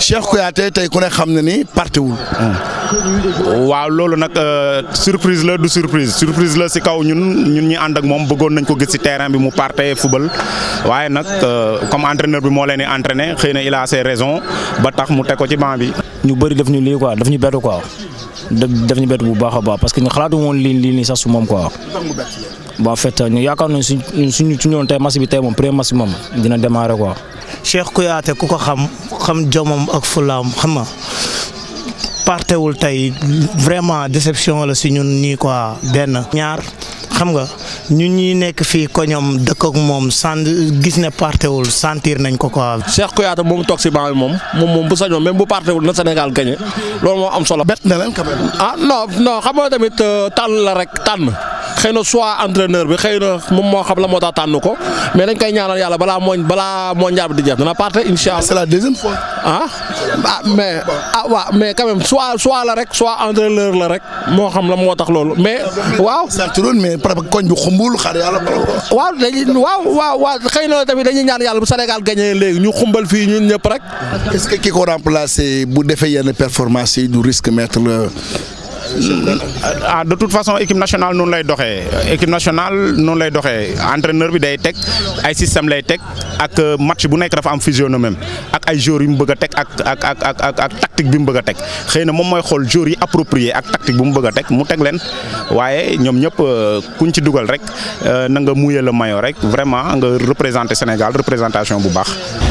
Cheikh Kouyaté tey ku ne xam na ni partiwul waaw loolu nag euh, surprise la du surprise surprise la si kaw ñun ñun ñi ànd ak moom bëggoon nañ ko gis si terrain bi mu parte football waaye nag euh, comme entraîneur bi moo leen di entraîné xëy na il a ses ba tax mu teg ko ci banc bi. ñu bëri daf ñu lii quoi daf ñu bett quoi. def ñu bett bu baax a baax parce que ñu xalaatu woon lii lii nii sax su moom quoi. ba fekk ñu yaakaar nañ suñ suñ suñu woon tey match bi tey moom premier match moom dina demaare démarrer quoi. Cheikh Kouyaté ku ko xam xam jomam ak fulaam xam nga partewul tey vraiment déception la si ñun nii quoi benn ñaar. xam nga ñu ñi nekk fii koñom dëkk ak moom sant gis ne wul santir nañ ko quoi. Cheikh Kouyaté moom toog si banc bi moom moom moom bu sañoon même bu wul na senegal gagné loolu moo am solo. bet na leen quand même. ah non non xam nga tamit euh, tànn la rek tànn. xëy na soit entraîneur bi xëy na moom moo xam la moo tax tànn ko mais dañ koy ñaanal yàlla balaa mooñ balaa mondial bi di jeex dana parte incha allah. la deuxième fois. Ah, ah, mais ah waaw mais quand même soit soit la rek soit entraîneur rek moo xam la moo tax loolu mais. waaw mais koñ bi xumbul xar yàlla. waaw dañuy waaw waaw waaw xëy na tamit dañuy ñaan yàlla bu Sénégal gagné léegi ñu xumbal fii ñun ñëpp rek. ce que ki ko remplacer bu defee yenn performance yi du risque mettre le. Euh, ah de toute façon équipe nationale noonu lay doxee équipe nationale noonu lay doxee entraîneur bi day teg ay système lay teg ak euh, match bu nekk dafa am physionomie ak ay joueurs yu mu bëgg a teg ak ak ak ak tactique bi mu bëgg a teg xëy na moom mooy xool joueurs yi approprié ak tactique bu mu bëgg a teg mu teg leen waaye ñoom ñëpp euh, kuñ ci dugal rek na nga muyee le maillot rek vraiment nga représenté Sénégal représentation bu baax.